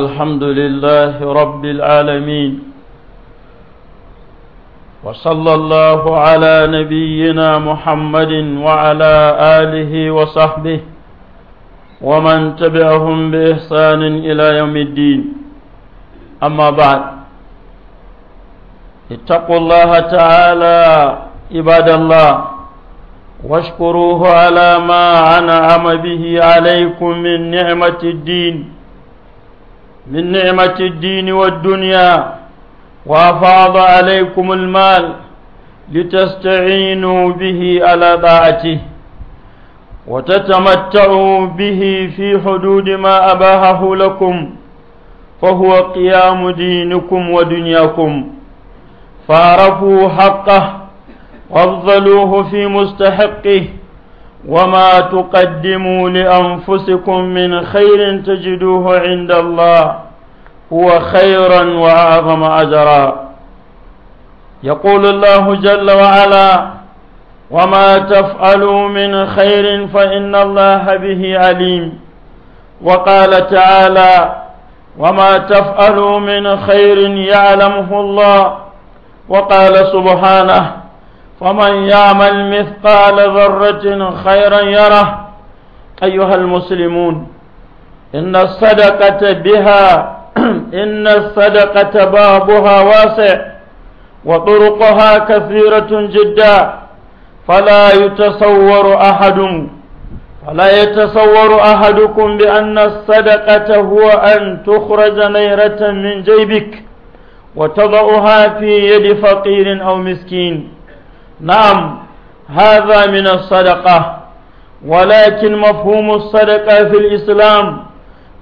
الحمد لله رب العالمين وصلى الله على نبينا محمد وعلى آله وصحبه ومن تبعهم بإحسان إلى يوم الدين أما بعد اتقوا الله تعالى عباد الله واشكروه على ما أنعم به عليكم من نعمة الدين من نعمة الدين والدنيا وأفاض عليكم المال لتستعينوا به على ضاعته وتتمتعوا به في حدود ما أباهه لكم فهو قيام دينكم ودنياكم فعرفوا حقه وافضلوه في مستحقه وما تقدموا لأنفسكم من خير تجدوه عند الله هو خيرا وأعظم أجرا يقول الله جل وعلا وما تفعلوا من خير فإن الله به عليم وقال تعالى وما تفعلوا من خير يعلمه الله وقال سبحانه ومن يعمل مثقال ذرة خيرا يره أيها المسلمون إن الصدقة بها إن الصدقة بابها واسع وطرقها كثيرة جدا فلا يتصور أحد فلا يتصور أحدكم بأن الصدقة هو أن تخرج نيرة من جيبك وتضعها في يد فقير أو مسكين نعم هذا من الصدقة ولكن مفهوم الصدقة في الإسلام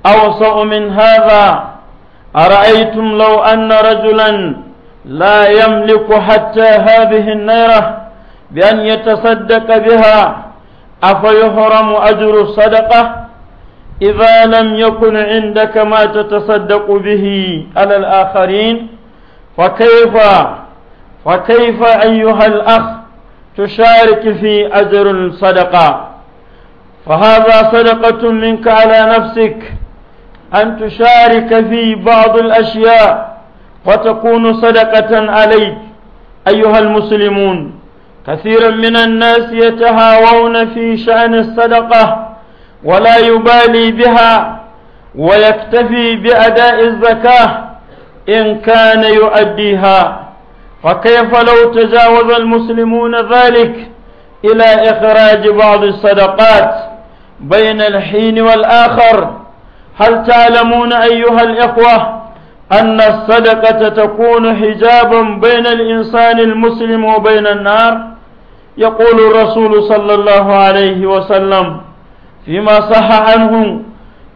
أوسع من هذا أرأيتم لو أن رجلا لا يملك حتى هذه النيرة بأن يتصدق بها أفيحرم أجر الصدقة إذا لم يكن عندك ما تتصدق به على الآخرين فكيف وكيف أيها الأخ تشارك في أجر صدقة فهذا صدقة منك على نفسك أن تشارك في بعض الأشياء وتكون صدقة عليك أيها المسلمون كثيرا من الناس يتهاوون في شأن الصدقة ولا يبالي بها ويكتفي بأداء الزكاة إن كان يؤديها فكيف لو تجاوز المسلمون ذلك إلى إخراج بعض الصدقات بين الحين والآخر هل تعلمون أيها الإخوة أن الصدقة تكون حجابا بين الإنسان المسلم وبين النار يقول الرسول صلى الله عليه وسلم فيما صح عنه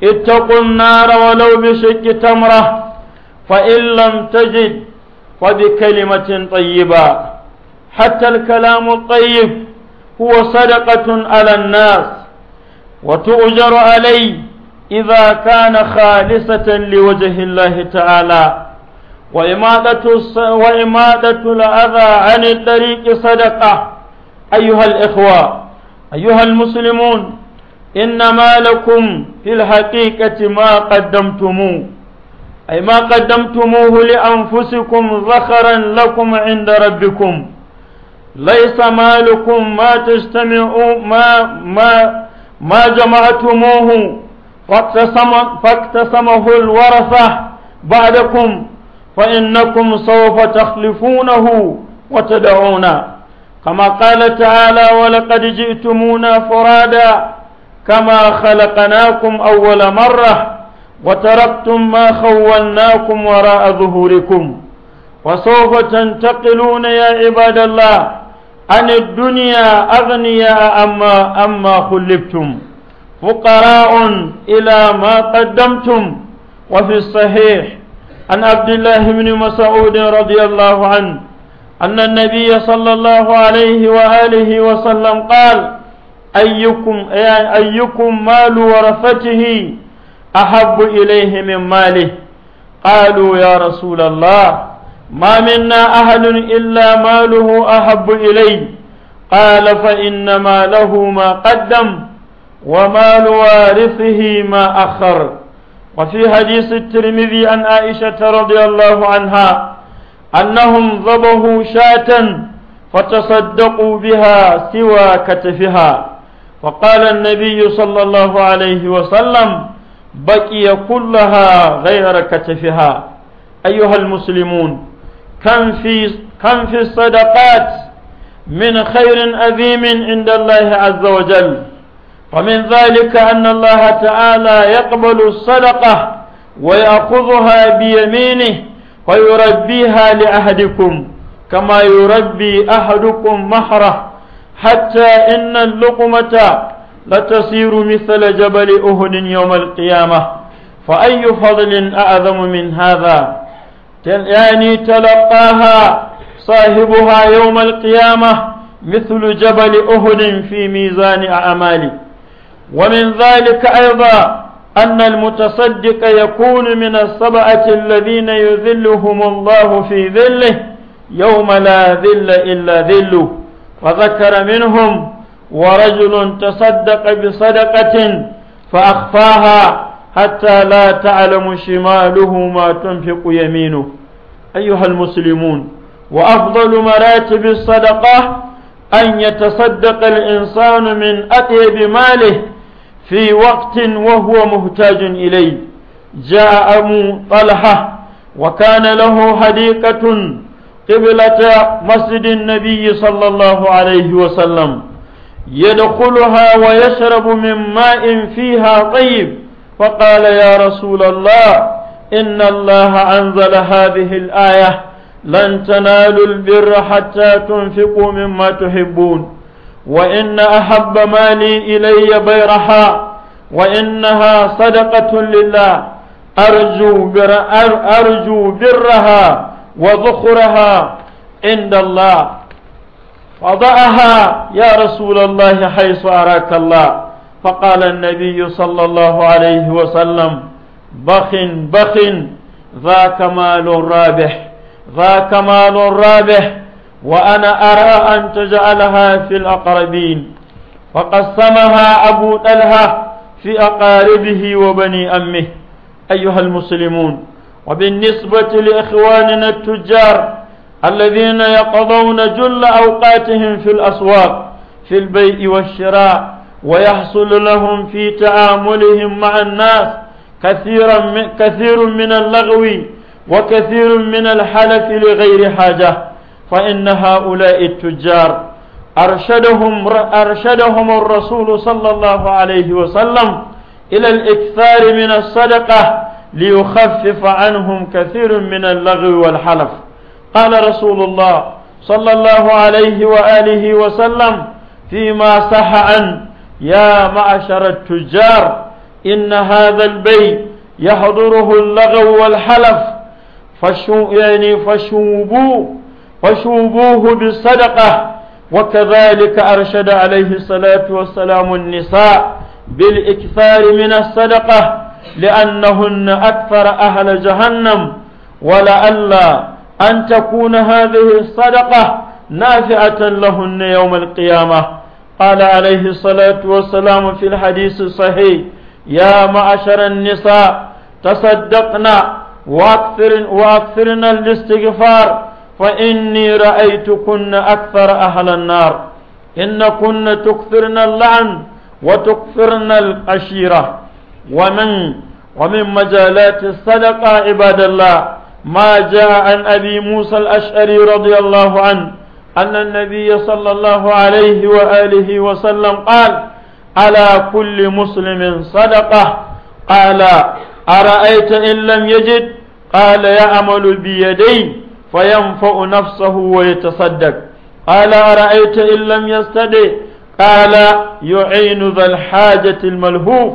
اتقوا النار ولو بشق تمرة فإن لم تجد وبكلمة طيبة حتى الكلام الطيب هو صدقة على الناس وتؤجر عليه إذا كان خالصة لوجه الله تعالى وإمادة, وإمادة الأذى عن الطريق صدقة أيها الإخوة أيها المسلمون إنما لكم في الحقيقة ما قدمتموه أي ما قدمتموه لأنفسكم ذخرا لكم عند ربكم ليس مالكم ما تجتمعوا ما ما ما جمعتموه فاقتسم فاقتسمه الورثة بعدكم فإنكم سوف تخلفونه وتدعونه كما قال تعالى ولقد جئتمونا فرادا كما خلقناكم أول مرة وتركتم ما خولناكم وراء ظهوركم وسوف تنتقلون يا عباد الله عن الدنيا أغنياء أما أما خلفتم فقراء إلى ما قدمتم وفي الصحيح عن عبد الله بن مسعود رضي الله عنه أن النبي صلى الله عليه وآله وسلم قال أيكم أيكم مال ورثته أحب إليه من ماله قالوا يا رسول الله ما منا أحد إلا ماله أحب إليه قال فإنما له ما قدم ومال وارثه ما أخر وفي حديث الترمذي عن عائشة رضي الله عنها أنهم ضبهوا شاة فتصدقوا بها سوى كتفها وقال النبي صلى الله عليه وسلم بقي كلها غير كتفها أيها المسلمون كم في كم في الصدقات من خير عظيم عند الله عز وجل ومن ذلك أن الله تعالى يقبل الصدقة ويأخذها بيمينه ويربيها لأحدكم كما يربي أحدكم مهره حتى إن اللقمة لتصير مثل جبل أهد يوم القيامة فأي فضل أعظم من هذا يعني تلقاها صاحبها يوم القيامة مثل جبل أهد في ميزان أعمالي ومن ذلك أيضا أن المتصدق يكون من السبعة الذين يذلهم الله في ذله يوم لا ذل إلا ذله وذكر منهم ورجل تصدق بصدقة فأخفاها حتى لا تعلم شماله ما تنفق يمينه أيها المسلمون وأفضل مراتب الصدقة أن يتصدق الإنسان من أطيب ماله في وقت وهو محتاج إليه جاء أبو طلحة وكان له حديقة قبلة مسجد النبي صلى الله عليه وسلم يدخلها ويشرب من ماء فيها طيب فقال يا رسول الله إن الله أنزل هذه الآية لن تنالوا البر حتى تنفقوا مما تحبون وإن أحب مالي إلي بيرها وإنها صدقة لله أرجو, بر أرجو برها وذخرها عند الله وضعها يا رسول الله حيث أراك الله فقال النبي صلى الله عليه وسلم بخ بخ ذاك مال رابح ذاك مال رابح وأنا أرى أن تجعلها في الأقربين فقسمها أبو طلحة في أقاربه وبني أمه أيها المسلمون وبالنسبة لإخواننا التجار الذين يقضون جل أوقاتهم في الأسواق في البيع والشراء ويحصل لهم في تعاملهم مع الناس كثيرا من كثير من اللغو وكثير من الحلف لغير حاجة فإن هؤلاء التجار أرشدهم أرشدهم الرسول صلى الله عليه وسلم إلى الإكثار من الصدقة ليخفف عنهم كثير من اللغو والحلف قال رسول الله صلى الله عليه وآله وسلم فيما صح عن يا معشر التجار إن هذا البيت يحضره اللغو والحلف فشو يعني فشوبوه فشوبوه بالصدقة وكذلك أرشد عليه الصلاة والسلام النساء بالإكثار من الصدقة لأنهن أكثر أهل جهنم ولألا أن تكون هذه الصدقة نافعة لهن يوم القيامة قال عليه الصلاة والسلام في الحديث الصحيح يا معشر النساء تصدقنا وأكثر وأكثرنا الاستغفار فإني رأيتكن أكثر أهل النار إنكن تكثرن اللعن وتكثرن العشيرة ومن ومن مجالات الصدقة عباد الله ما جاء عن أبي موسى الأشعري رضي الله عنه أن النبي صلى الله عليه وآله وسلم قال على كل مسلم صدقة قال أرأيت إن لم يجد قال يعمل بيدي فينفع نفسه ويتصدق قال أرأيت إن لم يستدع قال يعين ذا الحاجة الملهوف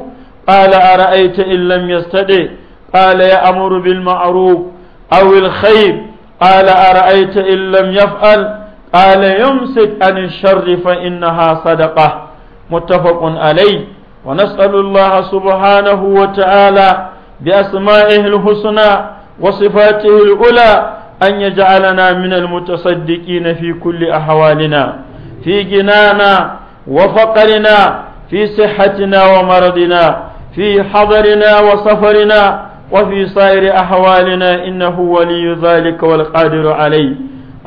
قال أرأيت إن لم يستدع قال يأمر بالمعروف أو الخير قال أرأيت إن لم يفعل قال يمسك عن الشر فإنها صدقة متفق عليه ونسأل الله سبحانه وتعالى بأسمائه الحسنى وصفاته الأولى أن يجعلنا من المتصدقين في كل أحوالنا في جنانا وفقرنا في صحتنا ومرضنا في حضرنا وسفرنا وفي سائر أحوالنا إنه ولي ذلك والقادر عليه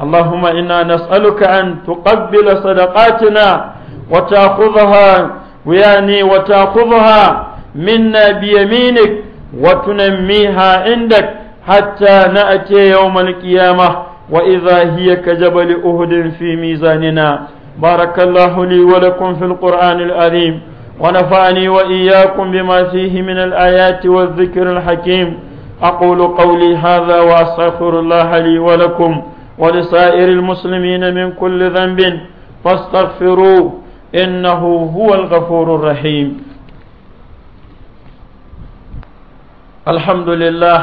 اللهم إنا نسألك أن تقبل صدقاتنا وتأخذها ويعني وتأخذها منا بيمينك وتنميها عندك حتى نأتي يوم القيامة وإذا هي كجبل أهد في ميزاننا بارك الله لي ولكم في القرآن العظيم ونفعني وإياكم بما فيه من الآيات والذكر الحكيم أقول قولي هذا وأستغفر الله لي ولكم ولسائر المسلمين من كل ذنب فاستغفروه إنه هو الغفور الرحيم الحمد لله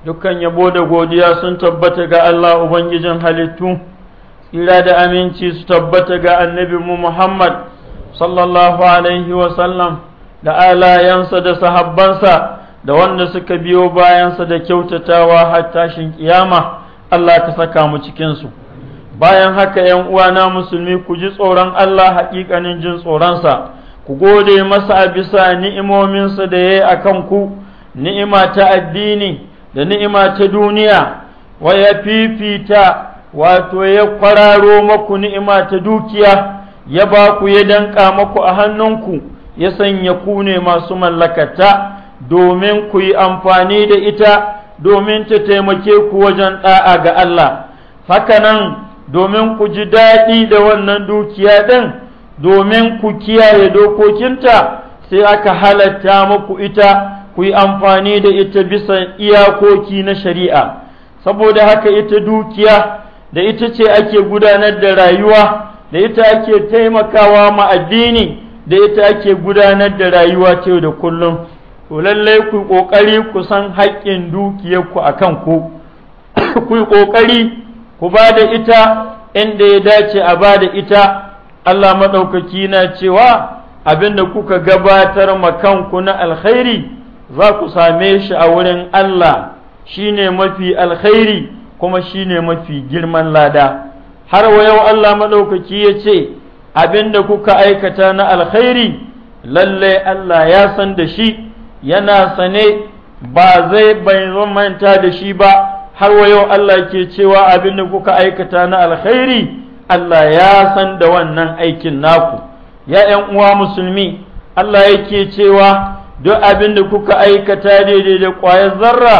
dukkan yabo da godiya sun tabbata ga Allah Ubangijin halittu, ira da aminci su tabbata ga annabi mu Muhammad sallallahu alaihi wasallam da alayansa da sahabbansa da wanda suka biyo bayansa da kyautatawa har tashin kiyama Allah ta saka mu cikinsu bayan haka ‘yan uwana musulmi ku ji tsoron Allah haƙiƙanin jin tsoronsa ku gode masa a bisa ni'imominsa da ya yi a kanku ni'ima ta addini da ni'ima ta duniya wa ya fifita wato ya kwararo maku ni'ima ta dukiya ya ba ku ya danƙa maku a hannunku ya sanya ku ne masu mallakata domin ku yi amfani da ita domin ta taimake ku wajen ɗa'a ga Allah hakanan domin ku ji daɗi da wannan dukiya ɗin domin ku kiyaye dokokinta sai aka halatta maku ita ku yi amfani da ita bisa iyakoki na shari'a saboda haka ita dukiya da ita ce ake gudanar da rayuwa da ita ake taimakawa ma addini da ita ake gudanar da rayuwa ta da kullum to lallai ku kokari ku san haƙƙin dukiyarku a kan ku ku yi kokari ku ba da ita inda ya dace a ba da ita Allah maɗaukaki na cewa abinda kuka gabatar ma kanku na alkhairi za ku same shi a wurin Allah shine mafi alkhairi kuma shine mafi girman lada. har wa yau Allah maɗaukaki ya ce da kuka aikata na alkhairi lallai Allah ya san da shi yana sane ba zai bai manta da shi ba har wa yau Allah ke cewa abinda kuka aikata na alkhairi Allah ya san da wannan aikin naku ya ‘yan uwa musulmi Allah yake cewa duk abin da kuka aikata daidai da ƙwayar zarra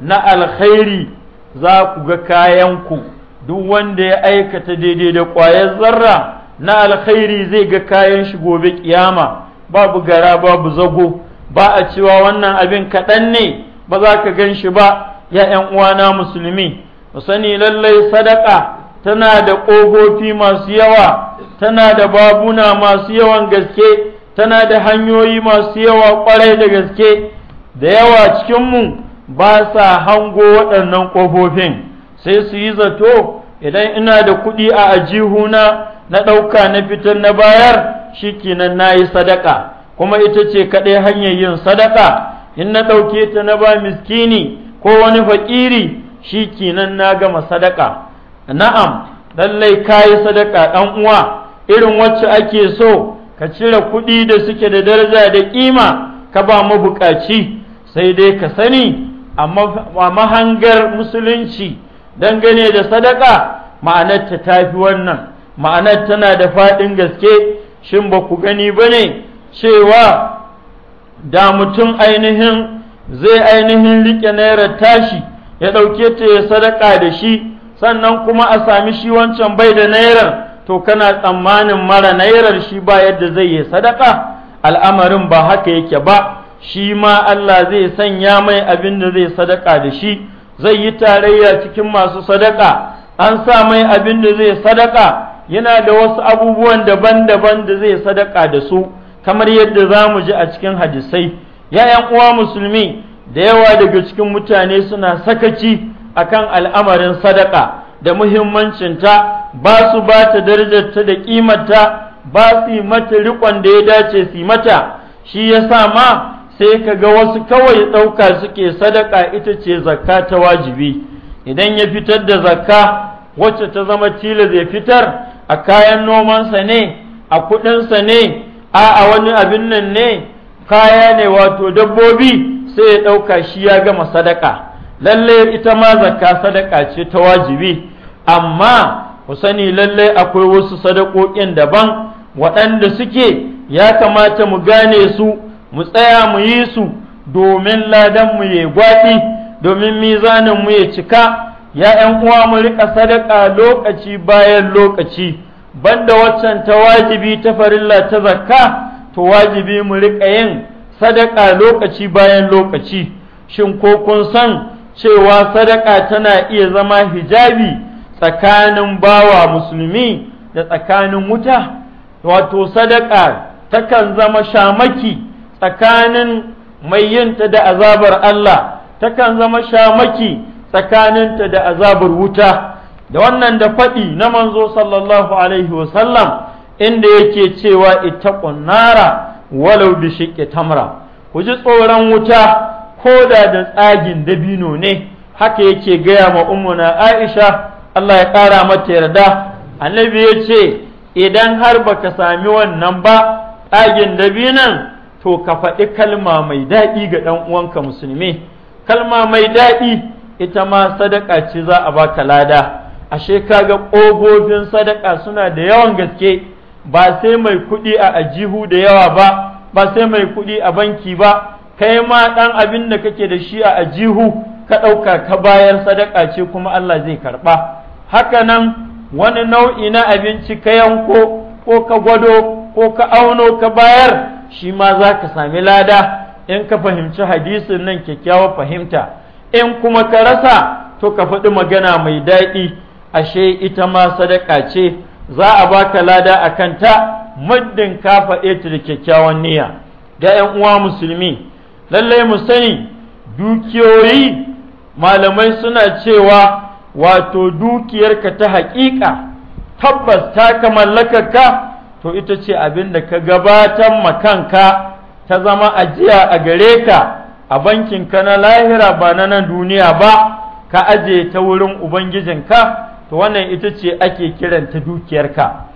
na alkhairi za ku ga kayanku. ku duk wanda ya aikata daidai da ƙwayar zarra na alkhairi zai ga kayan shi gobe kiyama babu gara babu zago ba a cewa wannan abin kaɗan ne ba za ka gan shi ba ya ‘yan uwana musulmi mu sani lallai sadaka tana da ƙofofi masu yawa tana da babuna masu yawan gaske tana da hanyoyi masu yawa ƙwarai da gaske da yawa cikinmu ba sa hango waɗannan ƙofofin. sai su yi zato idan ina da kuɗi a ajihuna na ɗauka na fitar na bayar shi kenan na yi sadaka kuma ita ce kaɗai hanyar yin sadaka in na ɗauke ta na ba miskini ko wani faƙiri shi kenan na gama sadaka na'am lallai ka yi sadaka ɗan uwa irin wacce ake so ka cire kuɗi da suke da daraja da ƙima ka ba mabuƙaci, sai dai ka sani a mahangar musulunci dangane da sadaka ma'anarta ta fi wannan ma'anar tana da faɗin gaske shin ba ku gani ba ne cewa da mutum ainihin zai ainihin riƙe naira tashi ya ɗauke ta ya sadaka da shi sannan kuma a sami shi wancan bai da nairar to kana tsammanin mara nairar shi ba yadda zai yi sadaka al'amarin ba haka yake ba shi ma Allah zai sanya mai abin da zai sadaka da shi zai yi tarayya cikin masu sadaka an sa mai abin da zai sadaka yana da wasu abubuwan daban-daban da zai sadaka da su kamar yadda za mu ji a cikin hadisai yayan uwa musulmi da yawa daga cikin mutane suna sakaci akan al'amarin sadaka da muhimmancinta ba su ba ta darajarta da ƙimata ba su mata riƙon da ya dace su mata shi ya sa ma sai ka ga wasu kawai ɗauka suke sadaka ita ce zakka ta wajibi idan ya fitar da zakka wacce ta zama tilas ya fitar a kayan nomansa ne a kudinsa ne a a wani abin nan ne kaya ne wato dabbobi sai ya ɗauka shi ya gama sadaka lalle ita ma zakka sadaka ce ta wajibi amma ku sani lalle akwai wasu sadakokin daban waɗanda suke ya kamata mu gane su mu tsaya mu yi su domin ladan mu ya gwaɗi domin mizanin mu ya cika ya ƴan uwa mu riƙa sadaka lokaci bayan lokaci banda waccan ta wajibi ta farilla ta zakka to wajibi mu riƙa yin sadaka lokaci bayan lokaci shin ko kun san cewa sadaka tana iya zama hijabi tsakanin bawa musulmi da tsakanin wuta wato sadaka takan zama shamaki tsakanin mai yinta da azabar Allah takan zama shamaki tsakaninta da azabar wuta da wannan da faɗi na manzo sallallahu alaihi wasallam inda yake cewa ita nara walau da shiƙe tamra ku ji tsoron wuta ko da da tsagin dabino ne haka yake gaya ma ummuna aisha Allah ya ƙara mata yarda annabi ya ce idan har baka sami wannan ba tsagin dabinan to ka faɗi kalma mai daɗi ga ɗan uwanka musulmi kalma mai daɗi ita ma sadaka ce za a baka lada ashe kaga ƙogobin sadaka suna da yawan gaske ba sai mai kuɗi a ajihu da yawa ba ba sai mai kuɗi a banki ba kai ma ɗan abin da kake da shi a ajihu ka ɗauka ka bayar sadaka ce kuma Allah zai karɓa haka nan wani nau'i na abinci ka yanko ko ka gwado ko ka auno ka bayar shi ma za ka sami lada in ka fahimci hadisin nan kyakkyawar fahimta in kuma ka rasa to ka faɗi magana mai daɗi ashe ita ma sadaka ce za a baka lada a kanta muddin ka faɗe ta da kyakkyawan niyya ga 'yan uwa musulmi lallai mu sani dukiyoyi malamai suna cewa wato dukiyarka ta haƙiƙa tabbas ta ka mallakar ka to ita ce abin da ka gabatar ma kanka ta zama ajiya a gare ka a ka na lahira ba na nan duniya ba ka aje ta wurin ubangijin ka, to wannan ita ce ake kiranta dukiyarka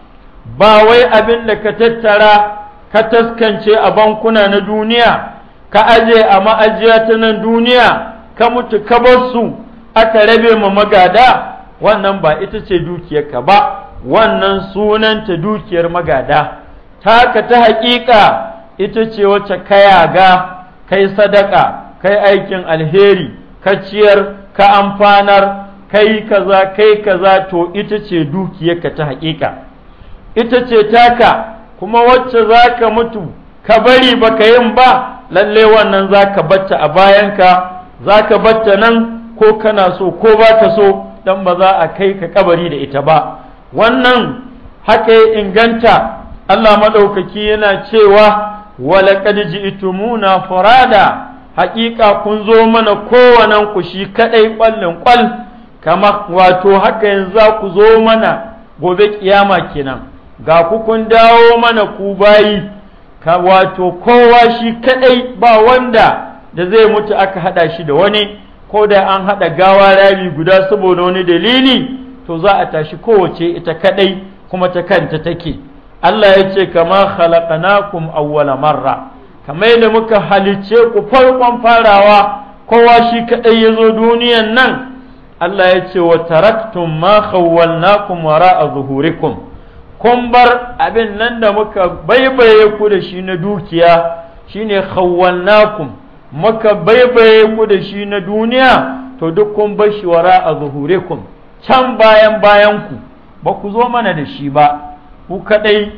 ba wai abin da ka tattara ka taskance a bankuna na duniya ka aje a ma'ajiya ta nan duniya ka mutu ka bar su aka rabe ma magada wannan ba ita ce dukiyarka ba wannan sunanta dukiyar magada taka ta haƙiƙa ita ce wacce ka yaga kai sadaka kai aikin alheri ka ciyar ka amfanar kai kaza kai kaza to ita ce dukiyarka ta haƙiƙa ita ce taka kuma wacce za ka mutu ka bari baka yin ba lalle wannan za ka batta a bayanka za ka batta nan ko kana so ko ba ka so dan ba za a kai ka kabari da ita ba wannan haka ya inganta Allah maɗaukaki yana cewa walaƙad ji'tumuna furada haƙiƙa kun zo mana kowannen ku shi kaɗai ƙwallin ƙwal kama wato haka yanzu za ku zo mana gobe ƙiyama kenan ga ku kun dawo mana ku bayi ka wato kowa shi kaɗai ba wanda da zai mutu aka haɗa shi da wani ko da an haɗa gawa Rabi guda saboda wani dalili to za a tashi kowace ita kadai kuma ta kanta take Allah ya ce kama khalaqnakum awwala marra kamar yadda muka halicce ku farkon farawa kowa shi kadai ya zo duniyan nan Allah ya ce wa taraktum ma khawwalnakum wara'a zuhurikum kun bar abin nan da muka baibaye ku da shi na dukiya shine khawwalnakum muka baibaye ku da shi na duniya to duk kun bar shi wara'a zuhurikum can bayan bayan ku ba ku zo mana da shi ba ku kaɗai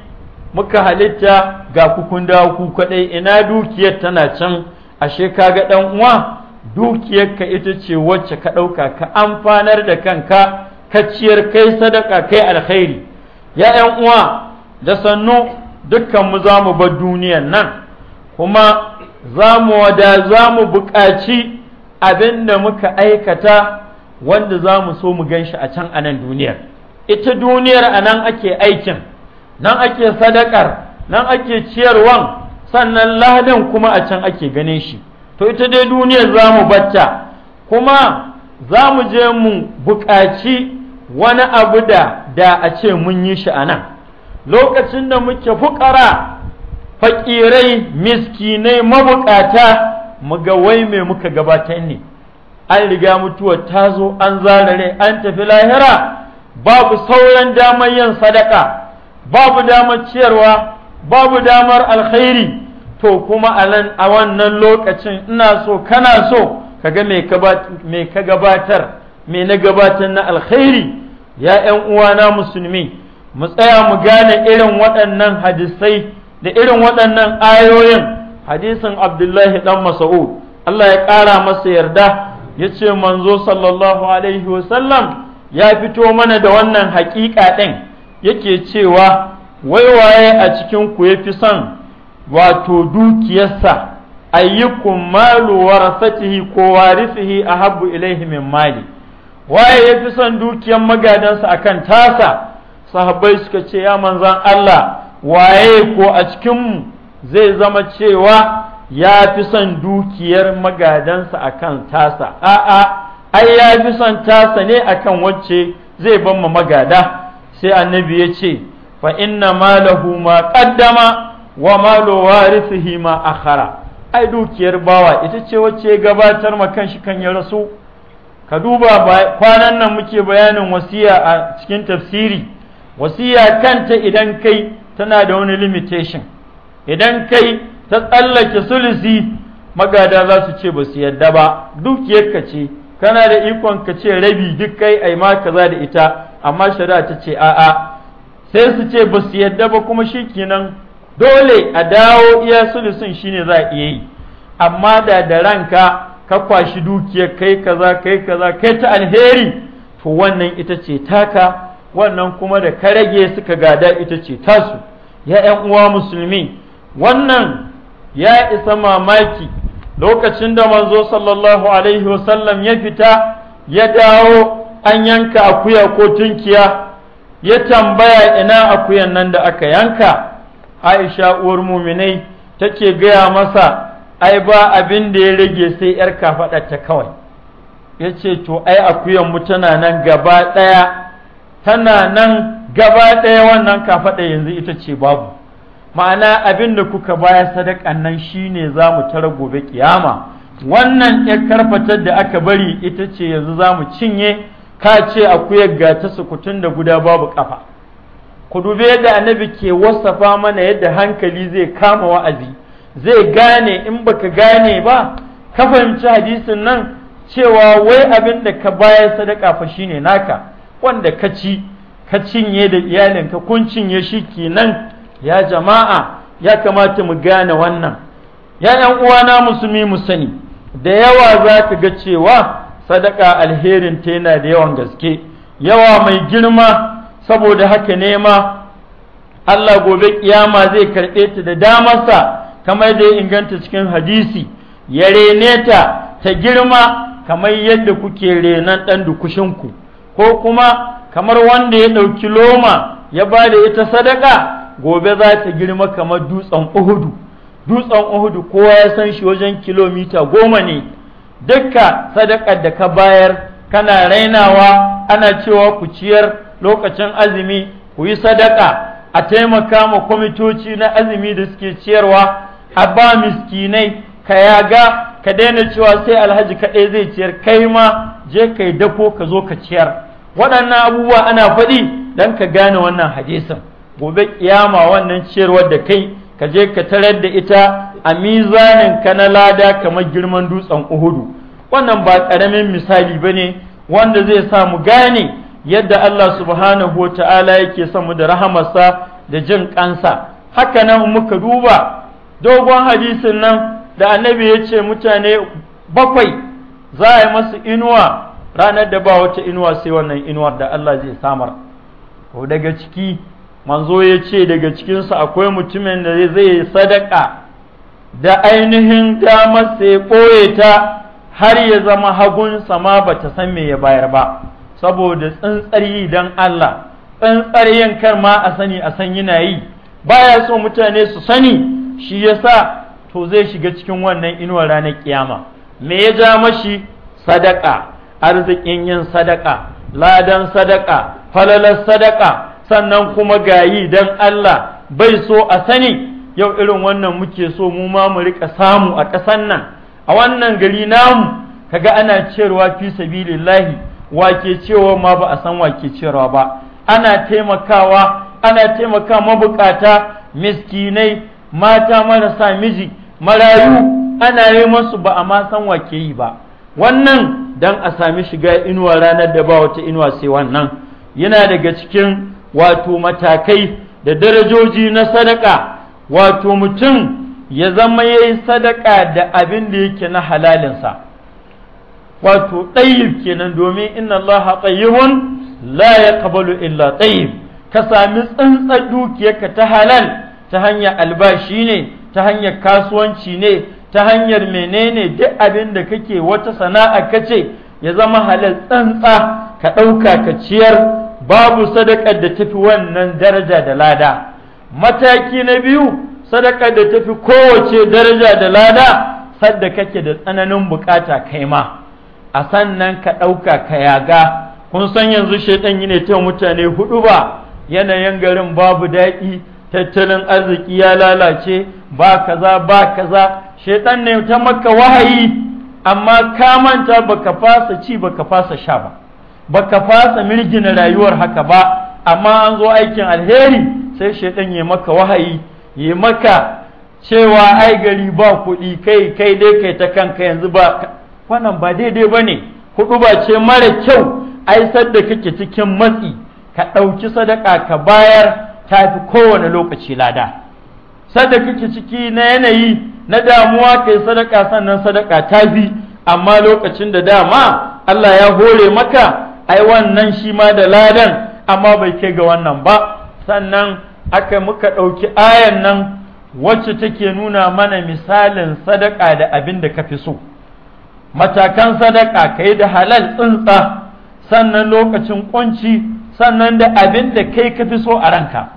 muka halitta ga ku kun dawo ku kaɗai. ina dukiyar tana can ashe kaga dan uwa dukiyarka ita ce wacce ka ɗauka ka amfanar da kanka ka ciyar kai sadaka kai alkhairi ya ƴan uwa da sannu dukkan mu za mu bar duniyar nan kuma za mu wada za mu buƙaci abin da muka aikata wanda za mu so mu gan shi a can anan duniyar ita duniyar a nan ake aikin nan ake sadakar nan ake ciyarwan sannan ladan kuma a can ake ganin shi to ita dai duniyar za mu batta kuma za mu je mu buƙaci wani abu da da a ce mun yi shi anan. lokacin da muke fukara faƙirai miskinai mabukata mu ga wai me muka gabatar ne an riga mutuwa ta zo an rai an tafi lahira babu sauran damar yin sadaka babu damar ciyarwa babu damar alkhairi to kuma a wannan lokacin ina so kana so ka ga mai ka gabatar me na gabatar na alkhairi ya ‘yan uwana musulmi mu tsaya mu gane irin waɗannan hadisai da irin waɗannan ayoyin hadisin abdullahi ɗan masau Allah ya ƙara masa yarda ya ce manzo sallallahu alaihi wasallam ya fito mana da wannan haƙiƙa ɗin yake cewa wai waye a cikin ku ya fi son wato dukiyarsa ayyukun malu warasatihi ko warisihi a habbu ilaihi min mali waye ya fi son dukiyar magadansa akan tasa sahabbai suka ce ya manzan Allah waye ko a cikinmu zai zama cewa ya fi son dukiyar magadansa akan tasa a'a ai ya fi son tasa ne akan wacce zai ma magada sai annabi ya ce fa inna malahu ma qaddama wa malu warithihi ma akhara ai dukiyar bawa ita ce wacce gabatar ma kanshi kan ya rasu ka duba kwanan nan muke bayanin wasiya a cikin tafsiri wasiya kanta idan kai tana da wani limitation idan kai ta tsallake sulusi magada za su ce ba su yadda ba yadda ce kana da ikon ka ce rabi duk kai ai ma kaza da ita amma shari'a ta ce a'a sai su ce ba su yadda ba kuma shi shikenan dole a dawo iya sulisin shine za a iya yi amma da da ranka ka kwashi dukiyar kai kaza kai kaza kai ta alheri to wannan ita ce taka wannan kuma da ka rage suka gada ita ce tasu ya uwa musulmi wannan ya isa mamaki lokacin da manzo sallallahu alaihi wasallam ya fita ya dawo an yanka akuya ko tunkiya ya tambaya ina akuyan nan da aka yanka aisha uwar muminai take gaya masa ai ba abin da ya rage sai yar ta kawai ya ce to ai akuyan mu tana nan gaba ɗaya tana nan gaba ɗaya wannan kafaɗa yanzu ita ce babu ma'ana abin da kuka baya sadakan nan shine za mu tara gobe kiyama wannan ya karfatar da aka bari ita ce yanzu za mu cinye ka ce akuyar gata sukutun da guda babu kafa ku dube yadda annabi ke wasafa mana yadda hankali zai kama wa'azi zai gane in baka gane ba ka fahimci hadisin nan cewa wai abin da ka baya sadaka fa shine naka wanda ka ci ka cinye da iyalinka kun cinye shi kenan ya jama'a ya kamata mu gane wannan ya ‘yan uwana musulmi mu sani da yawa za ka ga cewa sadaka alherin ta yana da yawan gaske yawa mai girma saboda haka nema Allah gobe kiyama zai karɓe ta da damarsa kamar da ya inganta cikin hadisi ya rene ta ta girma kamar yadda kuke renan ɗan dukushinku ko kuma kamar wanda ya ɗauki loma ya ba da ita sadaka gobe za ta girma kamar dutsen uhudu dutsen uhudu kowa ya san shi wajen kilomita goma ne dukka sadakar da ka bayar kana rainawa ana cewa ku ciyar lokacin azumi ku yi sadaka a taimaka ma kwamitoci na azumi da suke ciyarwa a ba miskinai ka yaga ka daina cewa sai alhaji kaɗai zai ciyar kai ma je kai yi dako ka zo ka ciyar waɗannan abubuwa ana faɗi don ka gane wannan hadisin gobe kiyama wannan ciyarwar da kai ka je ka tarar da ita a mizanin ka na lada kamar girman dutsen uhudu wannan ba ƙaramin misali bane wanda zai sa mu gane yadda Allah subhanahu wa ta'ala yake son mu da rahamarsa da jin kansa haka nan muka duba dogon hadisin nan da annabi ya ce mutane bakwai za a yi masu inuwa ranar da ba wata inuwa sai wannan inuwar da Allah zai samar daga ciki manzo ya ce daga cikinsu akwai mutumin da zai sadaka da ainihin damar sai ɓoye ta har ya zama hagunsa ma ba ta san me ya bayar ba saboda tsantsar yi don Allah tsantsar yin kar ma a sani a san yana yi baya so mutane su sani shi yasa to zai shiga cikin wannan inuwar ranar kiyama me ya ja mashi sadaka arzikin yin sadaka ladan sadaka falalar sadaka sannan kuma gayi dan Allah bai so a sani yau irin wannan muke so mu ma mu rika samu a ƙasan nan a wannan gari namu kaga ana cewa fi sabilillahi wake cewa ma ba a san wake cewa ba ana taimakawa ana taimaka mabukata miskinai mata marasa miji marayu ana yi masu ba a ma san wake yi ba wannan dan a sami shiga inuwa ranar da ba wata inuwa sai wannan yana daga cikin wato matakai da darajoji na sadaka wato mutum ya zama ya yi sadaka da abin da yake na halalinsa wato ɗayyib kenan domin inna Allah tayyibun la ya kabalu illa tayyib ka sami tsantsar dukiyarka ta halal ta hanyar albashi ne ta hanyar kasuwanci ne ta hanyar menene duk abin da kake wata sana'a kace ya zama halal tsantsa ka ɗauka ka ciyar babu sadakar da tafi wannan daraja da lada mataki na biyu sadakar da tafi kowace daraja da lada sadda kake da tsananin bukata kai ma a sannan ka ɗauka ka yaga kun san yanzu shaidan yi ne ta mutane hudu ba yanayin garin babu daɗi tattalin arziki ya lalace ba kaza ba kaza shaidan ne ta maka wahayi amma ka manta baka fasa ci baka fasa sha ba baka fasa mirgin rayuwar haka ba amma an zo aikin alheri sai shaidan ya maka wahayi ya maka cewa ai gari ba kuɗi kai kai dai kai ta kanka yanzu ba wannan ba daidai ba ne kuɗu ba ce mara kyau ai sadda kake cikin matsi ka ɗauki sadaka ka bayar ta fi kowane lokaci lada sadda kake ciki na yanayi na damuwa kai sadaka sannan sadaka ta fi amma lokacin da dama Allah ya hore maka ai wannan shi ma da ladan amma bai ke ga wannan ba sannan aka muka ɗauki ayan nan wacce take nuna mana misalin sadaka da abin da ka fi so matakan sadaka ka yi da halal tsuntsa sannan lokacin kunci sannan da abin da kai ka fi so a ranka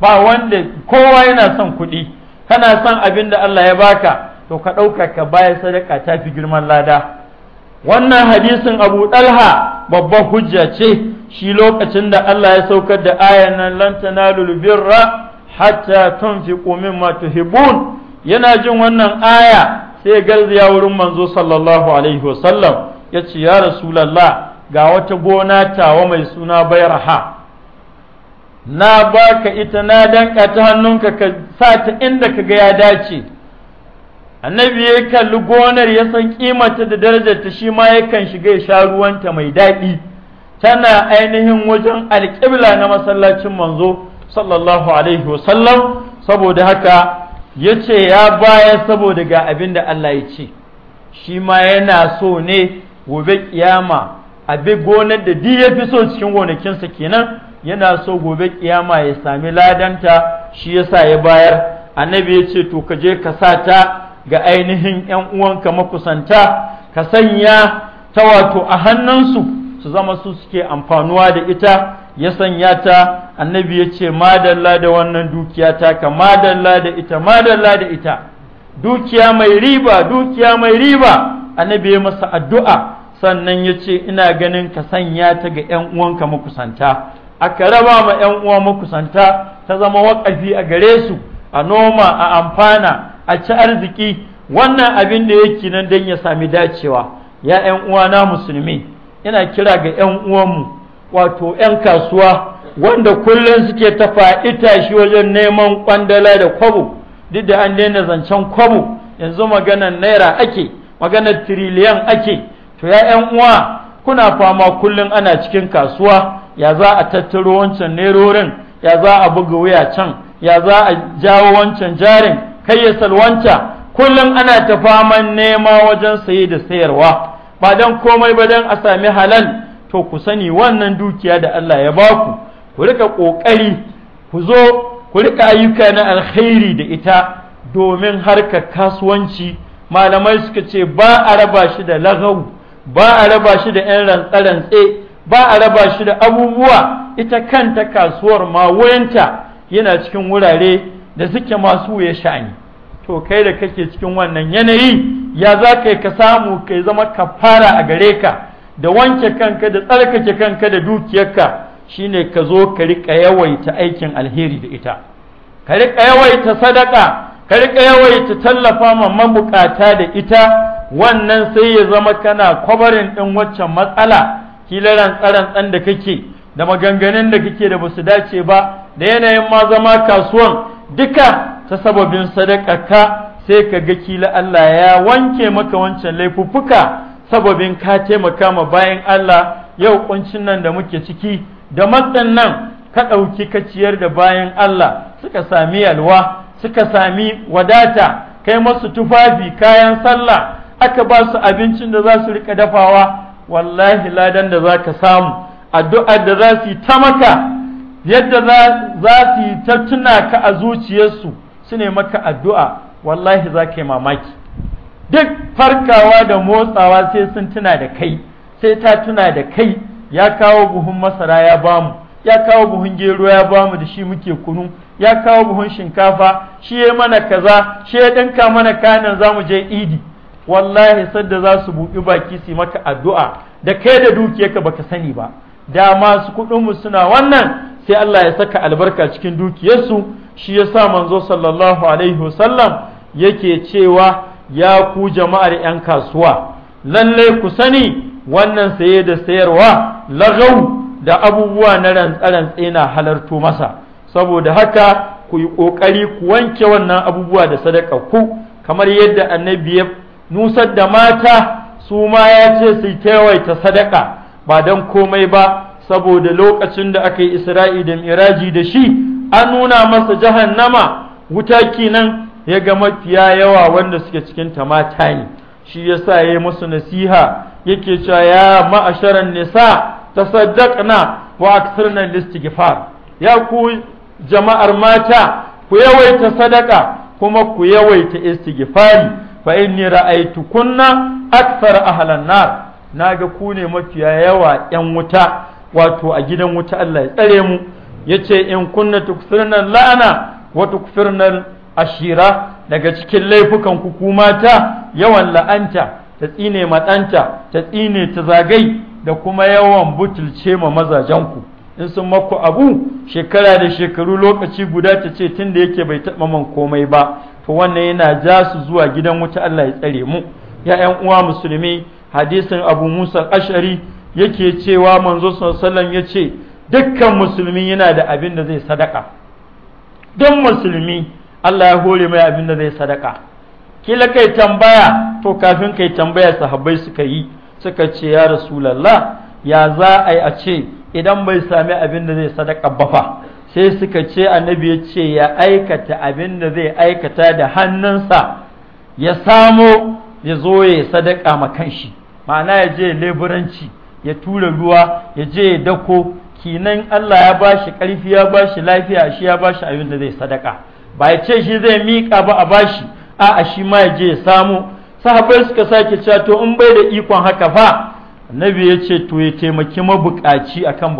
ba wanda kowa yana son kuɗi kana son abin da Allah ya baka to ka ɗauka ka baya sadaka ta fi girman lada wannan hadisin abu ɗalha babban hujja ce shi lokacin da Allah ya saukar da ayan nan lan tanalul birra hatta tunfiqu mimma tuhibun yana jin wannan aya sai ya wurin manzo sallallahu alaihi wasallam yace ya rasulullah ga wata gona tawa mai suna bayarha na baka ita na danka ta hannunka ka sa ta inda ka ga ya dace annabi ya kalli gonar ya san kimanta da darajarta shi ma yakan shiga ya sha ruwanta mai daɗi tana ainihin wajen alƙibla na masallacin manzo sallallahu alaihi wasallam saboda haka ya ce ya baya saboda ga abin da Allah ya ce shi ma yana so ne gobe kiyama a bi gonar da duk ya fi so cikin gonakinsa kenan yana so gobe kiyama ya sami ladanta shi yasa ya bayar annabi ya ce to ka je ka sa ta ga ainihin ‘yan uwanka makusanta ka sanya ta wato a hannunsu su zama su suke amfanuwa da ita ya sanya ta annabi ya ce madalla da wannan dukiya ta ka madalla da ita madalla da ita dukiya mai riba dukiya mai riba annabi ya masa addu'a sannan ya ce ina ganin ka sanya ta ga ‘yan uwanka makusanta aka raba ma ‘yan uwa makusanta ta zama waƙafi a gare su a noma a amfana a ci arziki wannan abin da yake nan don ya sami dacewa ya 'yan uwana musulmi ina kira ga 'yan uwanmu wato 'yan kasuwa wanda kullum suke ta fa'ita shi wajen neman kwandala da kwabo duk da an daina zancen kwabo yanzu maganar naira ake maganar tiriliyan ake to ya 'yan uwa kuna fama kullum ana cikin kasuwa ya za a tattaro wancan nerorin ya za a buga wuya can ya za a jawo wancan jarin kai ya salwanta kullum ana ta faman nema wajen saye da sayarwa ba dan komai ba dan a sami halal to ku sani wannan dukiya da Allah ya baku ku rika kokari ku zo ku rika ayyuka na alkhairi da ita domin harkar kasuwanci malamai suka ce ba a raba shi da lagau ba a raba shi da 'yan rantse-rantse ba a raba shi da abubuwa ita kanta kasuwar ma wuyanta yana cikin wurare da suke masu ya sha'ani to kai da kake cikin wannan yanayi ya za ka ka samu ka zama ka fara a gare ka da wanke kanka da tsarkake kanka da dukiyarka shine ka zo ka riƙa yawaita aikin alheri da ita ka riƙa yawaita sadaka ka riƙa yawaita tallafa ma mabukata da ita wannan sai ya zama kana kwabarin ɗin waccan matsala hilaran tsaran tsan da kake da maganganun da kake da basu dace ba da yanayin ma zama kasuwan duka ta sababin ka sai ka ga kila Allah ya wanke maka wancan laifuffuka sababin ka taimaka ma bayan Allah yau kuncin nan da muke ciki da matsan nan ka ɗauki ka ciyar da bayan Allah suka sami alwa, suka sami wadata kai masu tufafi kayan sallah aka ba su abincin da za su rika dafawa wallahi ladan da za ka samu addu'ar da za su yi ta maka yadda za su yi ta tuna ka a zuciyarsu su ne maka addu'a wallahi za ka yi mamaki duk farkawa da motsawa sai sun tuna da kai sai ta tuna da kai ya kawo buhun masara ya bamu ya kawo buhun gero ya bamu da shi muke kunu ya kawo buhun shinkafa shi ya mana kaza shi ya ɗinka mana kanan za mu je idi wallahi sadda za su buɗi baki su yi maka addu'a da kai da dukiyarka baka sani ba da masu kuɗinmu suna wannan sai Allah ya saka albarka cikin dukiyarsu shi ya sa manzo sallallahu alaihi wasallam yake cewa ya ku jama'ar 'yan kasuwa lallai ku sani wannan saye da sayarwa lagau da abubuwa na rantsarantse na halarto masa saboda haka ku yi ƙoƙari ku wanke wannan abubuwa da sadaka ku kamar yadda annabi ya nusar da mata su ma ya ce su yawaita sadaka ba don komai ba saboda lokacin da aka yi isra'i da miraji da shi an nuna masa jahannama wuta kenan ya ga mafiya yawa wanda suke cikin ta mata ne shi yasa yayi musu nasiha yake cewa ya ma'asharan nisa tasaddaqna wa aktsirna listighfar ya ku jama'ar mata ku yawaita sadaka kuma ku yawaita istighfari fa inni ra'aytukunna akthar ahlan nar naga ku ne mafiya yawa yan wuta wato a gidan wuta Allah ya tsare mu yace in kunna tukfirna la'ana wa tukfirna ashira daga cikin laifukan ku kumata yawan la'anta ta tsine matsanta ta tsine ta zagai da kuma yawan butulce ma mazajen ku in sun maku abu shekara da shekaru lokaci guda ta ce tun da yake bai taba man komai ba to wannan yana ja su zuwa gidan wuta Allah ya tsare mu ya uwa musulmi hadisin abu musa ashari yake cewa manzo sallallahu ya ce dukkan musulmi yana da abin da zai sadaka don musulmi Allah ya hore mai abin da zai sadaka kila kai tambaya to kafin kai tambaya sahabbai suka yi suka ce ya rasulallah ya za a a ce idan bai sami abin da zai sadaka ba fa sai suka ce annabi ya ce ya aikata abin da zai aikata da hannunsa ya samo ya zo ya sadaka ma kanshi ma'ana ya je leburanci ya tura ruwa ya je ya dako kinan Allah ya ba shi ƙarfi ya ba shi lafiya shi ya bashi abin da zai sadaka ba ya ce shi zai miƙa ba a bashi a'a shi ma ya je ya samu sahabbai suka sake cewa to in bai da ikon haka fa annabi ya ce to ya taimaki mabukaci akan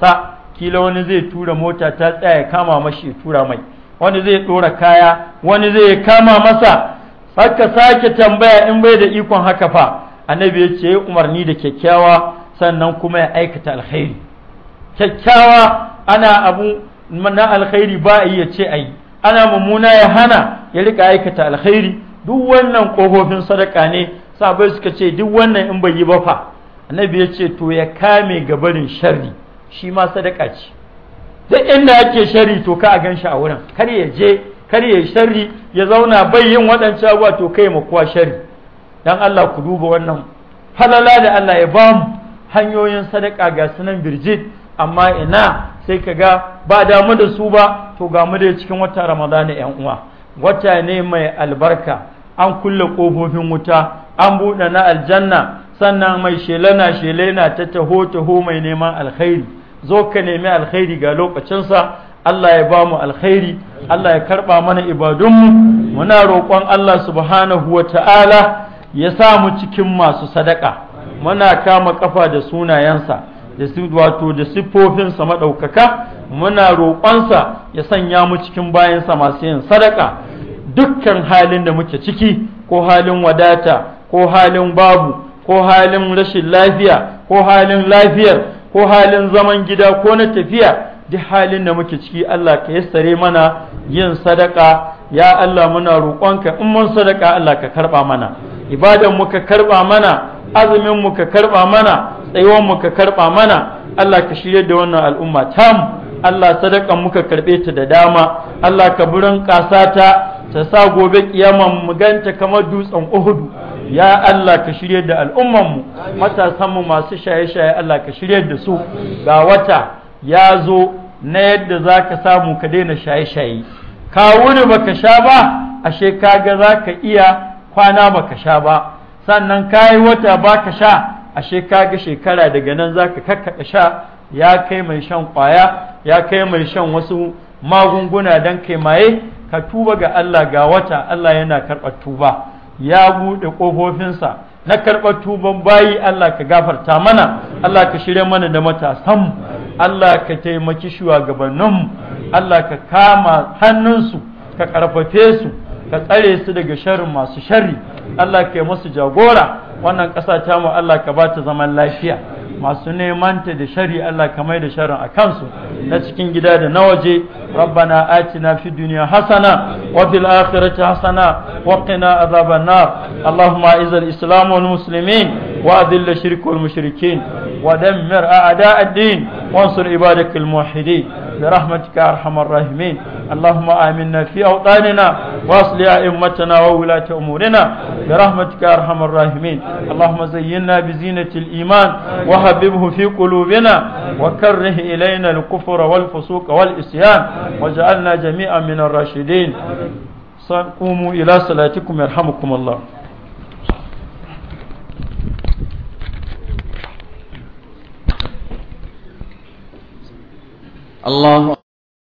sa kila wani zai tura mota ta tsaya ya kama mashi ya tura mai wani zai ɗora kaya wani zai kama masa haka sake tambaya in bai da ikon haka fa annabi ya ce umarni da kyakkyawa sannan kuma ya aikata alkhairi kyakkyawa ana abu na alkhairi ba a iya ce ai ana mummuna ya hana ya rika aikata alkhairi duk wannan kofofin sadaka ne sabai suka ce duk wannan in bai yi ba fa annabi ya ce to ya kame gabarin sharri shi ma sadaka ce duk inda ake sharri to ka a gan shi a wurin kar ya je kar ya sharri ya zauna bai yin waɗancan abubuwa to kai ma kuwa sharri dan Allah ku duba wannan falala da Allah ya bamu hanyoyin sadaka ga sunan birjit amma ina sai ka ga ba damu da su ba to ga mu da cikin wata ramadana yan uwa wata ne mai albarka an kulle ƙofofin wuta an buɗe na aljanna sannan mai shela na shela na ta taho taho mai neman alkhairi zo ka nemi alkhairi ga lokacinsa Allah ya ba mu alkhairi Allah ya karɓa mana ibadunmu muna roƙon Allah subhanahu wa ta'ala ya sa mu cikin masu sadaka muna kama kafa da sunayensa da wato da siffofinsa maɗaukaka muna roƙonsa ya sanya mu cikin bayansa masu yin sadaka dukkan halin da muke ciki ko halin wadata ko halin babu ko halin rashin lafiya ko halin lafiyar ko halin zaman gida ko na tafiya duk halin da muke ciki Allah ka yassare mana yin sadaka ya Allah muna roƙonka in mun sadaka Allah ka karɓa mana ibadan muka karɓa mana azumin mu ka karba mana tsayuwan mu ka karba mana Allah ka shirya da wannan al'umma tam Allah sadaka muka karbe ta da dama Allah ka burin ƙasa ta sa gobe kiyama mu ganta kamar dutsen Uhud ya Allah ka shirya da al'umman mu, matasan mu masu shaye-shaye Allah ka shirye da su ga wata ya zo na yadda za ka samu ka daina shaye-shaye ka baka sha ba ashe kaga za ka iya kwana baka sha ba sannan kayi wata ba ka sha ashe shekaga shekara daga nan za ka kakkaɗa sha ya kai mai shan ƙwaya ya kai mai shan wasu magunguna don kai maye ka tuba ga Allah ga wata Allah yana karɓar tuba ya buɗe ƙofofinsa na karɓar tuban bayi Allah ka gafarta mana Allah ka shirya mana da matasan Allah ka taimaki shugabannin Allah ka kama hannunsu ka ƙarfafe su ka tsare su daga sharrin masu sharri Allah ka musu jagora wannan ƙasa ta mu Allah ka ba ta zaman lafiya masu neman ta da shari Allah ka mai da sharin a kansu na cikin gida da na waje rabbana atina fi duniya hasana wa fil akhirati hasana wa qina azaban nar allahumma izz al islam wal muslimin wa adhill ash shirk wal mushrikin wa dammir a'da ad-din wansur ibadak al muwahhidin برحمتك يا أرحم الراحمين اللهم آمنا في أوطاننا وأصلح أئمتنا وولاة أمورنا برحمتك يا أرحم الراحمين اللهم زينا بزينة الإيمان وحببه في قلوبنا وكره إلينا الكفر والفسوق والإسيان وجعلنا جميعا من الراشدين قوموا إلى صلاتكم يرحمكم الله الله